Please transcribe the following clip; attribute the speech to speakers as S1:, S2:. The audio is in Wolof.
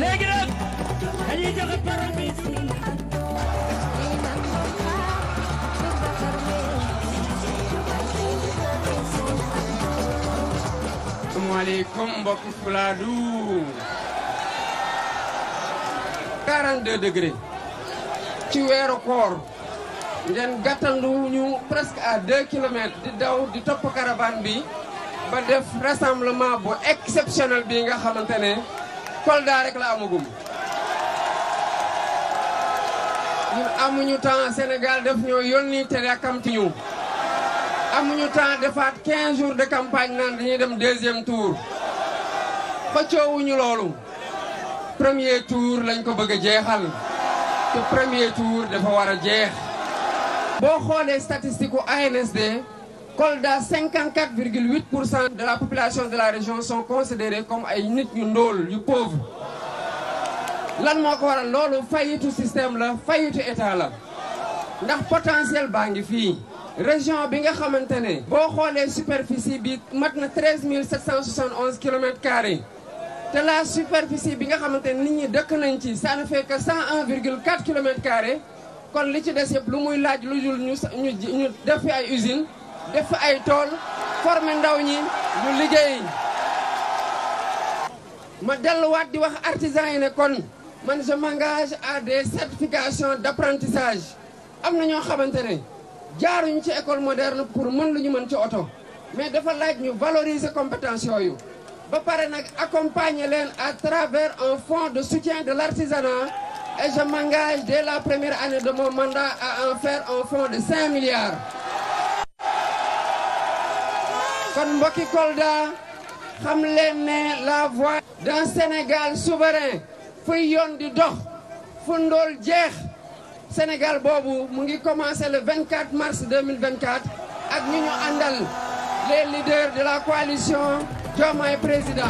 S1: léegi nag dañuy joxe parole bi salaamaaleykum mbokki degré ci weeru koor ngeen gàttandu ñu presque à 2 kilomètres di daw di topp caravane bi ba def rassemblement bu exceptionnel bi nga xamante ne Kolda rek la amagum ñun amuñu temps Sénégal def ñoo yónni te yàkkamti ñu amuñu temps defaat 15 jours de campagne naan dañuy dem deuxième tour xëccoowuñu loolu premier tour lañ ko bëgg a jeexal te premier tour dafa war a jeex boo xoolee statistique u ANSD Kolda 54,8 pour cent de la population de la région sont considérés comme ay nit ñu ndóol yu pauvre lan moo ko waral loolu fayitu système la fayitu état la ndax potentiel baa ngi fii région bi nga xamante ne boo xoolee superficie bi mat na 13 771 kilomètres carrés te la superficie bi nga xamante ne nit ñi dëkk nañ ci ça ne fait que 101,4 kilomètres carrés kon li ci des yëpp lu muy laaj lu dul ñu ñu def fi ay usines def fa ay tool former ndaw ñi ñu liggéey ma delluwaat di wax artisan yi ne kon man je m'engage à des certifications d'apprentissage am na ñoo xamante ne jaaruñu ci école moderne pour mën lu ñu mën ci oto mais dafa laaj ñu valoriser compétence yu ba pare nag accompagner leen à travers un fonds de soutien de l'artisanat et je m'engage dès la première année de mon mandat à en faire un fonds de 5 milliards kon mbokki Kolda xam leen ne la voie d'un senegal souverain fuy yoon di dox fu ndool jeex senegal boobu mu ngi commencé le 24 mars 2024 ak ñi ñu àndal les leaders de la coalition Diomaye Président